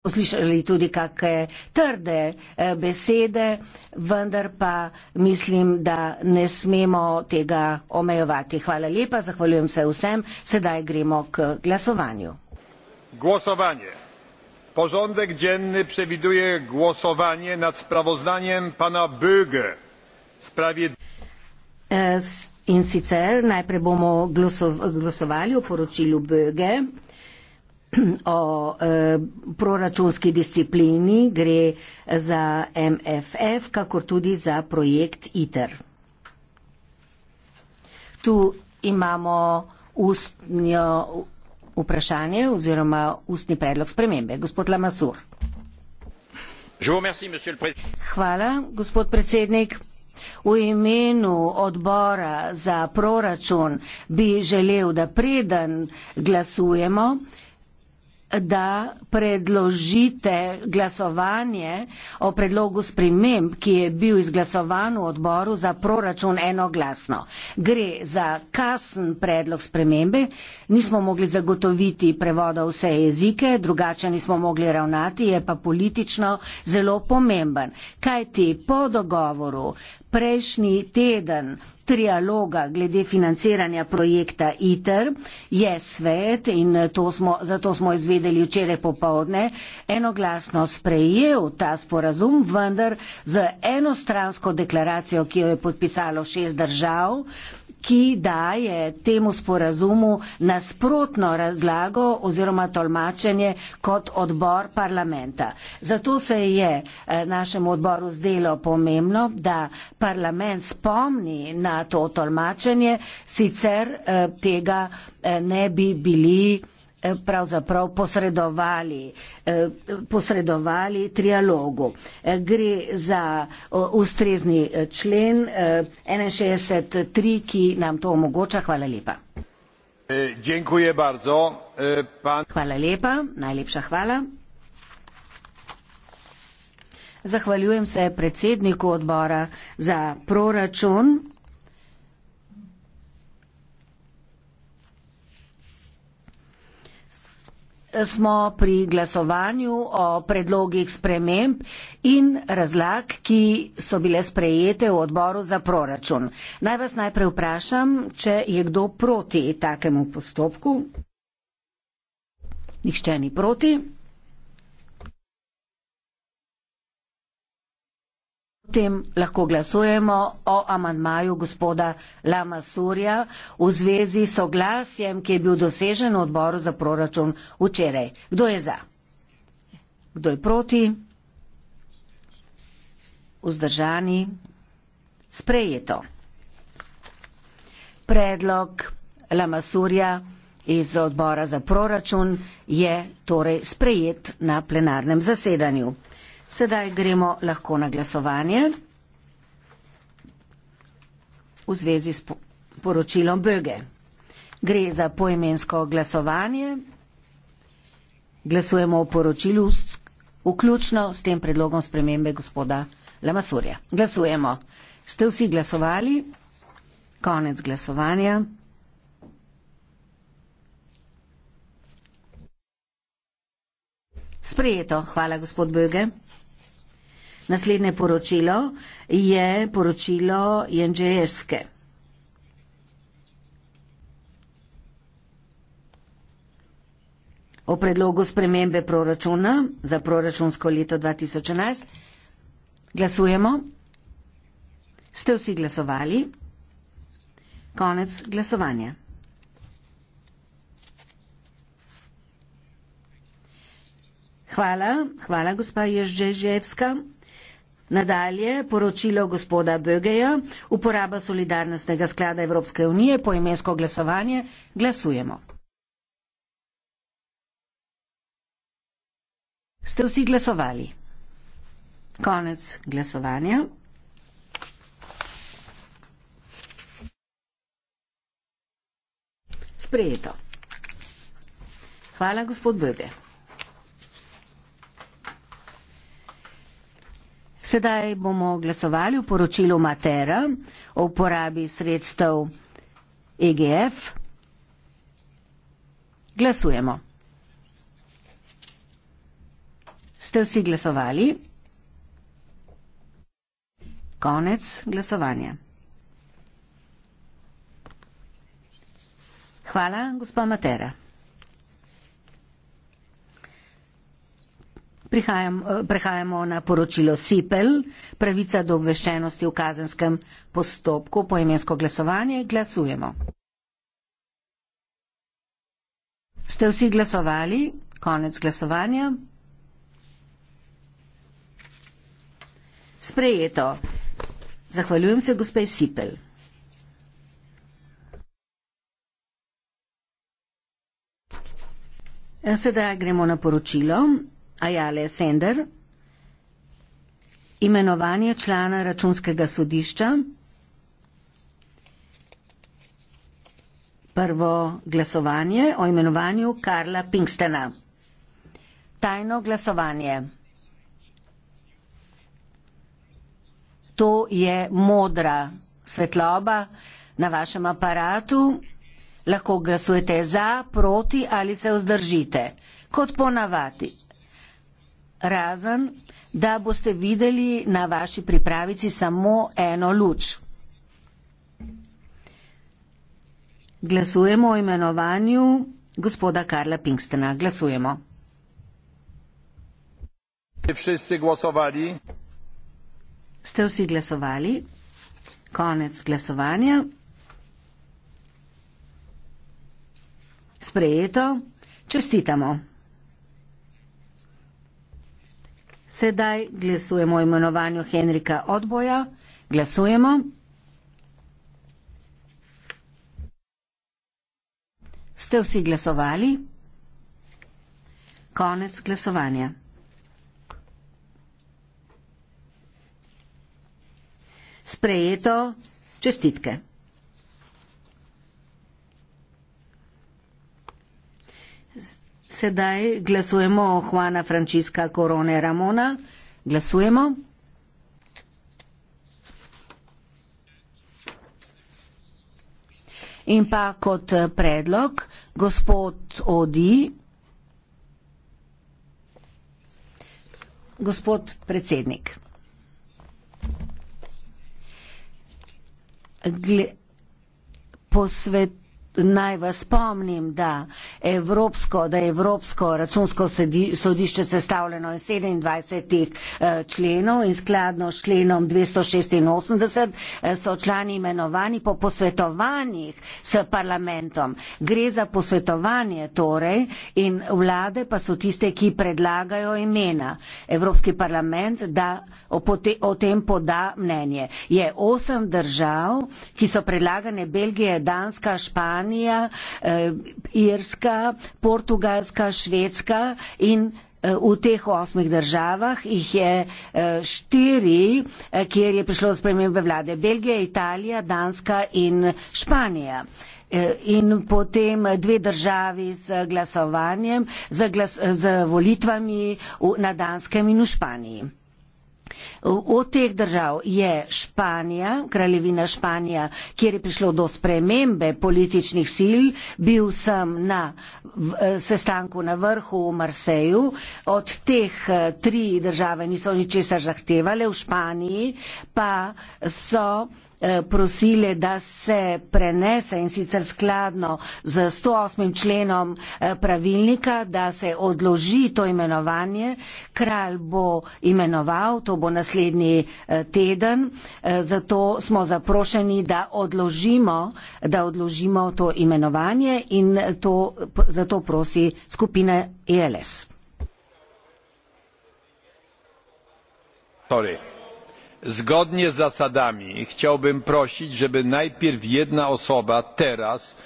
poslišali tudi kakšne trde eh, besede, vendar pa mislim, da ne smemo tega omejevati. Hvala lepa, zahvaljujem se vsem, sedaj gremo k glasovanju. Glasovanje. Porządek dzienny przewiduje głosowanie nad sprawozdaniem pana Böge w sprawie. Eh, in sicer najprej bomo glasovali o poročilu Böge o e, proračunski disciplini, gre za MFF, kakor tudi za projekt ITER. Tu imamo ustno vprašanje oziroma ustni predlog spremembe. Gospod Lamasur. Merci, Hvala, gospod predsednik. V imenu odbora za proračun bi želel, da preden glasujemo, da predložite glasovanje o predlogu sprememb, ki je bil izglasovan v odboru za proračun enoglasno. Gre za kasen predlog spremembe, nismo mogli zagotoviti prevoda vse jezike, drugače nismo mogli ravnati, je pa politično zelo pomemben. Kaj ti po dogovoru prejšnji teden trialoga glede financiranja projekta ITER je svet in to smo, zato smo izvedeli včeraj popovdne enoglasno sprejel ta sporazum, vendar z enostransko deklaracijo, ki jo je podpisalo šest držav, ki daje temu sporazumu nasprotno razlago oziroma tolmačenje kot odbor parlamenta. Zato se je eh, našemu odboru zdelo pomembno, da parlament spomni na to tolmačenje, sicer eh, tega eh, ne bi bili pravzaprav posredovali, eh, posredovali trialogu. Eh, gre za ustrezni eh, člen 61.3, ki nam to omogoča. Hvala lepa. E, e, hvala lepa, najlepša hvala. Zahvaljujem se predsedniku odbora za proračun. smo pri glasovanju o predlogih sprememb in razlag, ki so bile sprejete v odboru za proračun. Naj vas najprej vprašam, če je kdo proti takemu postopku. Nihče ni proti. potem lahko glasujemo o amantmaju gospoda Lama Surja v zvezi s oglasjem, ki je bil dosežen v odboru za proračun včeraj. Kdo je za? Kdo je proti? Vzdržani? Sprejeto. Predlog Lama Surja iz odbora za proračun je torej sprejet na plenarnem zasedanju. Sedaj gremo lahko na glasovanje v zvezi s poročilom Böge. Gre za poimensko glasovanje. Glasujemo o poročilu vključno s tem predlogom spremembe gospoda Lamasurja. Glasujemo. Ste vsi glasovali? Konec glasovanja. Sprejeto. Hvala, gospod Böge. Naslednje poročilo je poročilo Jendžejevske. O predlogu spremembe proračuna za proračunsko leto 2011 glasujemo. Ste vsi glasovali? Konec glasovanja. Hvala, hvala gospa Ježdežjevska. Nadalje, poročilo gospoda Bögeja, uporaba solidarnostnega sklada Evropske unije, poimensko glasovanje, glasujemo. Ste vsi glasovali? Konec glasovanja. Sprejeto. Hvala, gospod Böge. Sedaj bomo glasovali v poročilu Matera o uporabi sredstev EGF. Glasujemo. Ste vsi glasovali? Konec glasovanja. Hvala, gospod Matera. Prihajam, eh, prehajamo na poročilo SIPEL, pravica do obveščenosti v kazenskem postopku, poimensko glasovanje, glasujemo. Ste vsi glasovali? Konec glasovanja. Sprejeto. Zahvaljujem se gospej SIPEL. Eh, sedaj gremo na poročilo. Ajale Sender, imenovanje člana računskega sodišča, prvo glasovanje o imenovanju Karla Pinkstena, tajno glasovanje. To je modra svetloba na vašem aparatu, lahko glasujete za, proti ali se vzdržite, kot ponavadi razen da boste videli na vaši pripravici samo eno luč. Glasujemo o imenovanju gospoda Karla Pinkstena. Glasujemo. Vsi glasovali. Ste vsi glasovali? Konec glasovanja. Sprejeto. Čestitamo. Sedaj glasujemo o imenovanju Henrika Odboja. Glasujemo. Ste vsi glasovali? Konec glasovanja. Sprejeto. Čestitke. Sedaj glasujemo o Juana Francisca Corone Ramona. Glasujemo. In pa kot predlog, gospod Odi, gospod predsednik. Gle, posvet, naj vas spomnim, da, evropsko, da je Evropsko računsko sodišče sestavljeno iz 27 eh, členov in skladno s členom 286 eh, so člani imenovani po posvetovanjih s parlamentom. Gre za posvetovanje torej in vlade pa so tiste, ki predlagajo imena Evropski parlament, da o tem poda mnenje. Je osem držav, ki so predlagane Belgije, Danska, Španija, Španija, eh, Irska, Portugalska, Švedska in eh, v teh osmih državah jih je eh, štiri, kjer je prišlo spremembe vlade Belgija, Italija, Danska in Španija. In potem dve državi z glasovanjem, z, glas, z volitvami v, na Danskem in v Španiji. Od teh držav je Španija, kraljevina Španija, kjer je prišlo do spremembe političnih sil, bil sem na sestanku na vrhu v Marseju. Od teh eh, tri države niso ničesar zahtevale, v Španiji pa so Eh, prosili, da se prenese in sicer skladno z 108. členom eh, pravilnika, da se odloži to imenovanje. Kralj bo imenoval, to bo naslednji eh, teden, zato smo zaprošeni, da odložimo, da odložimo to imenovanje in to, zato prosi skupine ELS. Torej, zgodnie z zasadami chciałbym prosić żeby najpierw jedna osoba teraz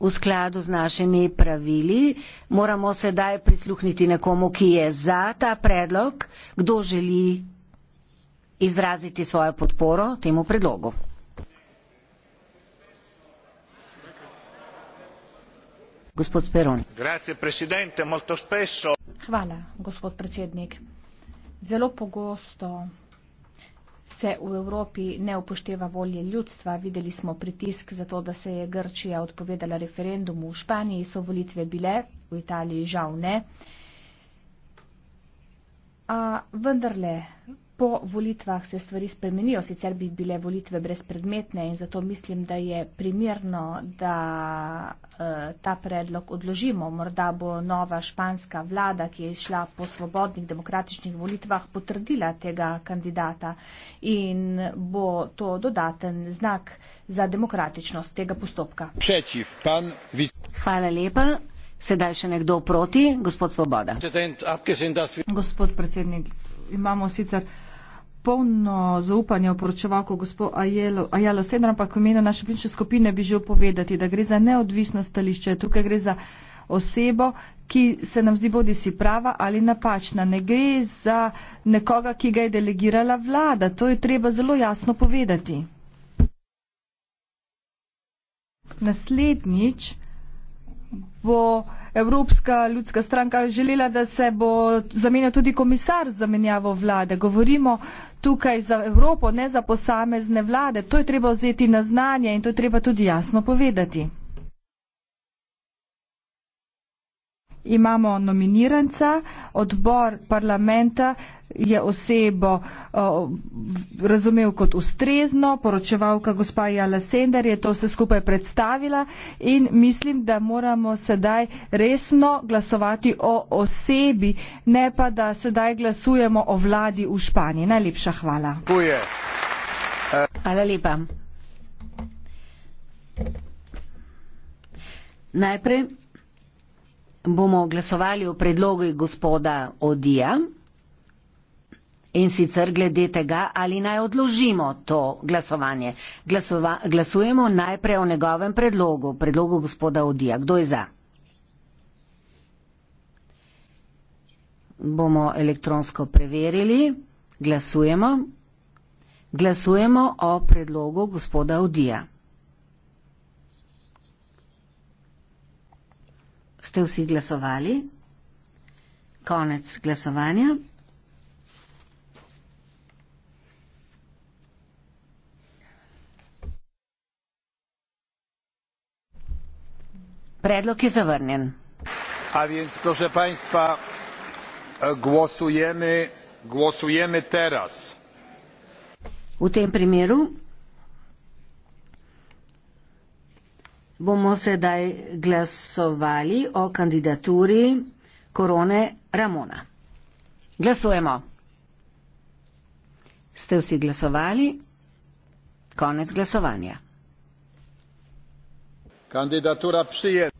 v skladu z našimi pravili moramo sedaj prisluhniti nekomu, ki je za ta predlog, kdo želi izraziti svojo podporo temu predlogu. Gospod Speron. Hvala, gospod predsednik. Zelo pogosto se v Evropi ne upošteva volje ljudstva. Videli smo pritisk za to, da se je Grčija odpovedala referendumu. V Španiji so volitve bile, v Italiji žal ne. A vendarle, po volitvah se stvari spremenijo, sicer bi bile volitve brezpredmetne in zato mislim, da je primirno, da eh, ta predlog odložimo. Morda bo nova španska vlada, ki je šla po svobodnih demokratičnih volitvah, potrdila tega kandidata in bo to dodaten znak za demokratičnost tega postopka. Prečiv, pan... Hvala lepa. Sedaj še nekdo proti, gospod Svoboda. Gospod predsednik, imamo sicer polno zaupanja v poročevalko gospod Ajelo, Ajelo Sedra, ampak v imenu naše plinče skupine bi želel povedati, da gre za neodvisno stališče. Tukaj gre za osebo, ki se nam zdi bodi si prava ali napačna. Ne gre za nekoga, ki ga je delegirala vlada. To je treba zelo jasno povedati. Naslednjič bo Evropska ljudska stranka želela, da se bo zamenjal tudi komisar za menjavo vlade. Govorimo tukaj za Evropo, ne za posamezne vlade. To je treba vzeti na znanje in to je treba tudi jasno povedati. imamo nominiranca, odbor parlamenta je osebo o, razumel kot ustrezno, poročevalka gospa Jala Sender je to vse skupaj predstavila in mislim, da moramo sedaj resno glasovati o osebi, ne pa da sedaj glasujemo o vladi v Španiji. Najlepša hvala. Hvala lepa. Najprej bomo glasovali o predlogu gospoda Odija in sicer glede tega, ali naj odložimo to glasovanje. Glasova, glasujemo najprej o njegovem predlogu, predlogu gospoda Odija. Kdo je za? Bomo elektronsko preverili. Glasujemo. Glasujemo o predlogu gospoda Odija. Ste vsi glasovali? Konec glasovanja. Predlog je zavrnjen. A więc, proszę państwa, głosujemy, głosujemy teraz. W tym przypadku bomo sedaj glasovali o kandidaturi korone Ramona. Glasujemo. Ste vsi glasovali? Konec glasovanja. Kandidatura prijet.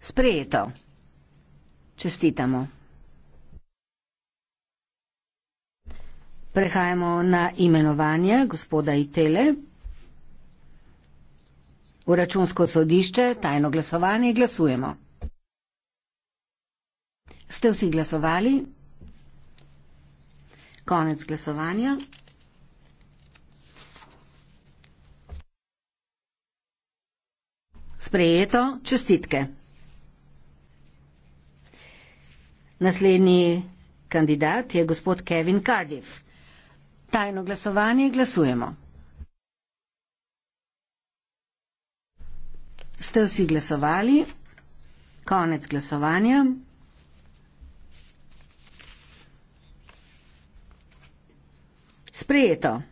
Sprejeto. Čestitamo. Prehajamo na imenovanje gospoda Itele. V računsko sodišče tajno glasovanje glasujemo. Ste vsi glasovali? Konec glasovanja. Sprejeto, čestitke. Naslednji kandidat je gospod Kevin Cardiff. Tajno glasovanje glasujemo. Ste vsi glasovali? Konec glasovanja. Sprejeto.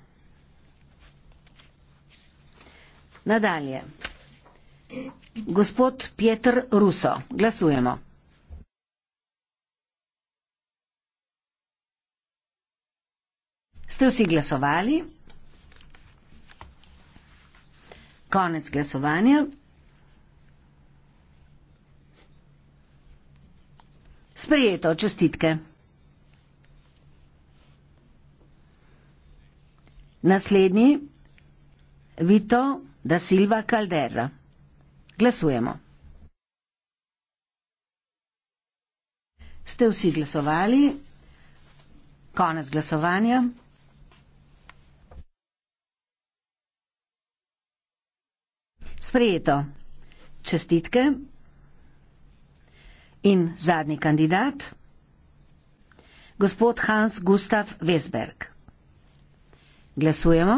Nadalje. Gospod Pjetr Ruso, glasujemo. Ste vsi glasovali? Konec glasovanja. Sprijeto, čestitke. Naslednji, Vito da Silva Caldera. Glasujemo. Ste vsi glasovali? Konec glasovanja. Sprijeto. Čestitke. In zadnji kandidat, gospod Hans Gustav Vesberg. Glasujemo.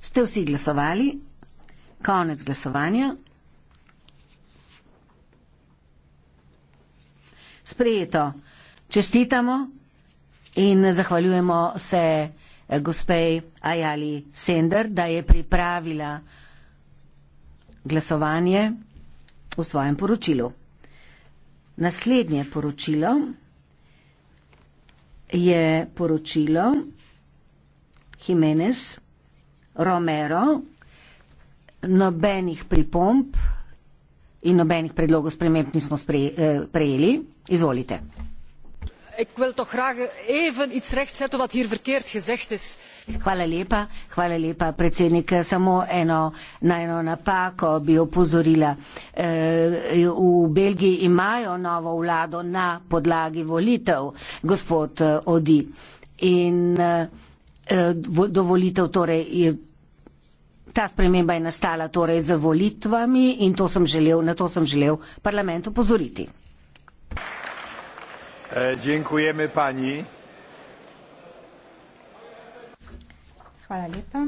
Ste vsi glasovali? Konec glasovanja. Sprejeto. Čestitamo in zahvaljujemo se gospej Ajali Sender, da je pripravila glasovanje v svojem poročilu. Naslednje poročilo je poročilo Jimenez Romero, nobenih pripomb in nobenih predlogov sprememb nismo sprej, eh, prejeli. Izvolite ik wil toch graag even iets rechtzetten wat hier verkeerd gezegd is. Hvala lepa, hvala lepa, predsednik. Samo eno, na eno napako bi opozorila. E, v Belgiji imajo novo vlado na podlagi volitev, gospod eh, Odi. In e, do volitev torej je. Ta sprememba je nastala torej z volitvami in to sem želel, na to sem želel parlament opozoriti. E, dziękujemy pani. Hvala lepa.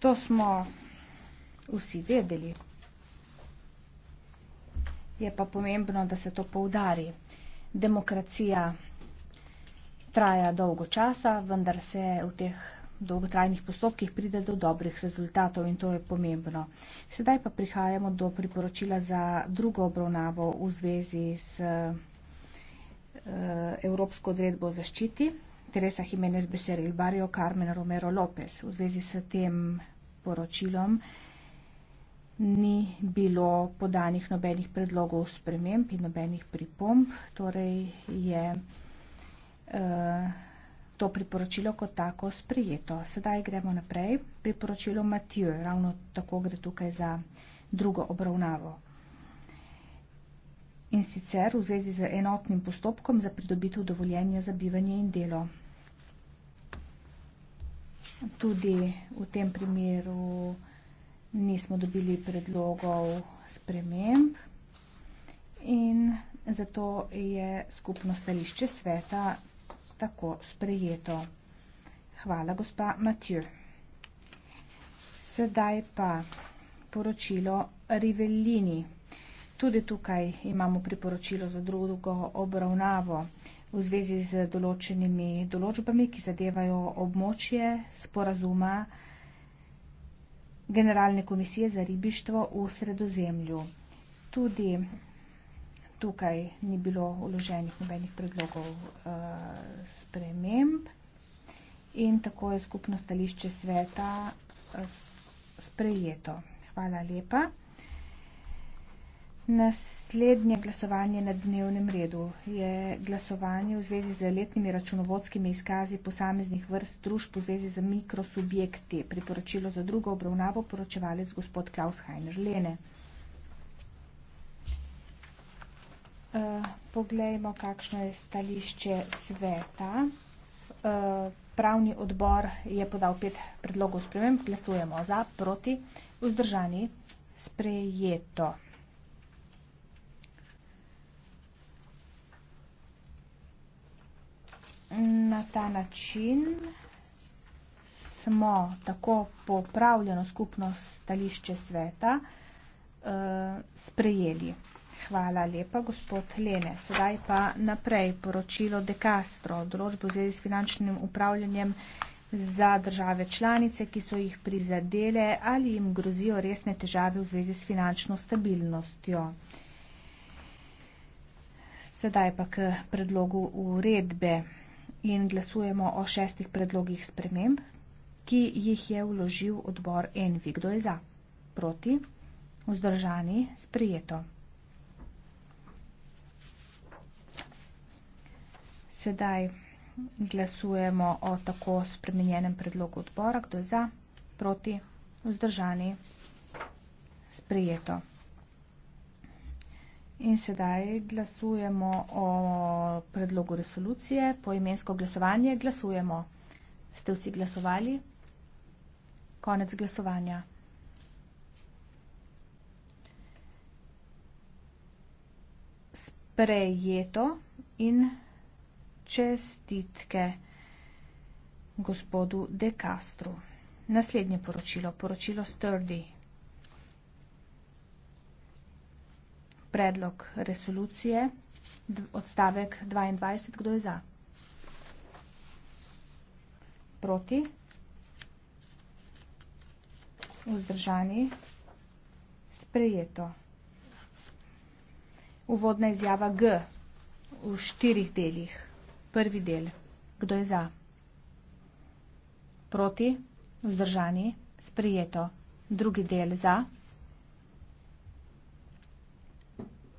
To smo vsi vedeli. Je pa pomembno, da se to poudari. Demokracija traja dolgo časa, vendar se v teh dolgotrajnih postopkih pride do dobrih rezultatov in to je pomembno. Sedaj pa prihajamo do priporočila za drugo obravnavo v zvezi s eh, Evropsko odredbo o zaščiti Teresa Jimenez Beseril Barrio Carmen Romero Lopez. V zvezi s tem poročilom ni bilo podanih nobenih predlogov sprememb in nobenih pripomb, torej je uh, to priporočilo kot tako sprijeto. Sedaj gremo naprej. Priporočilo Matijo, ravno tako gre tukaj za drugo obravnavo. In sicer v zvezi z enotnim postopkom za pridobitev dovoljenja za bivanje in delo. Tudi v tem primeru nismo dobili predlogov sprememb in zato je skupno stališče sveta tako sprejeto. Hvala, gospa Matjo. Sedaj pa poročilo Rivellini. Tudi tukaj imamo priporočilo za drugo obravnavo v zvezi z določenimi določbami, ki zadevajo območje sporazuma Generalne komisije za ribištvo v sredozemlju. Tudi tukaj ni bilo uloženih nobenih predlogov uh, sprememb in tako je skupno stališče sveta uh, sprejeto. Hvala lepa. Naslednje glasovanje na dnevnem redu je glasovanje v zvezi z letnimi računovodskimi izkazi posameznih vrst družb v zvezi z mikrosubjekti. Priporočilo za drugo obravnavo poročevalec gospod Klaus Heiner Lene. Eh, poglejmo, kakšno je stališče sveta. Eh, pravni odbor je podal pet predlogov sprememb. Glasujemo za, proti, vzdržani, sprejeto. Na ta način smo tako popravljeno skupno stališče sveta eh, sprejeli. Hvala lepa, gospod Lene. Sedaj pa naprej poročilo De Castro, določbo z finančnim upravljanjem za države članice, ki so jih prizadele ali jim grozijo resne težave v zvezi s finančno stabilnostjo. Sedaj pa k predlogu uredbe in glasujemo o šestih predlogih sprememb, ki jih je vložil odbor Envi. Kdo je za? Proti? Vzdržani? Sprijeto. Sedaj glasujemo o tako spremenjenem predlogu odbora. Kdo je za? Proti? Vzdržani? Sprejeto. In sedaj glasujemo o predlogu resolucije. Po imensko glasovanje glasujemo. Ste vsi glasovali? Konec glasovanja. Sprejeto in glasujemo čestitke gospodu De Castru. Naslednje poročilo, poročilo Sturdy. Predlog resolucije, odstavek 22, kdo je za? Proti? Vzdržani? Sprejeto. Uvodna izjava G v štirih delih. Prvi del. Kdo je za? Proti? Vzdržani? Sprijeto. Drugi del za?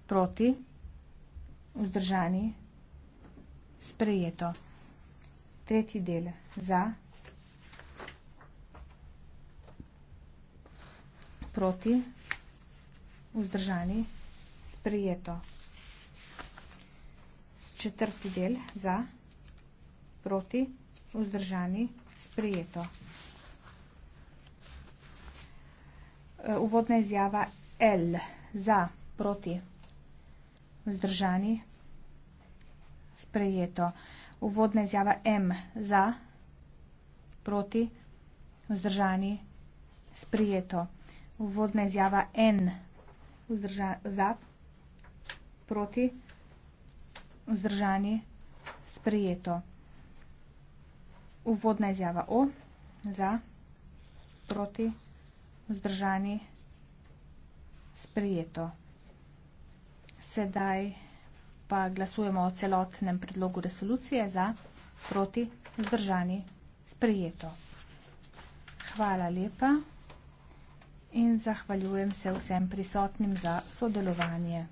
Proti? Vzdržani? Sprijeto. Tretji del za? Proti? Vzdržani? Sprijeto četrti del za proti vzdržani sprijeto. E, uvodna izjava L za proti vzdržani sprejeto. Uvodna izjava M za proti vzdržani sprejeto. Uvodna izjava N za proti vzdržani sprejeto vzdržanje sprejeto. Uvodna izjava O za proti vzdržanje sprejeto. Sedaj pa glasujemo o celotnem predlogu resolucije za proti vzdržanje sprejeto. Hvala lepa in zahvaljujem se vsem prisotnim za sodelovanje.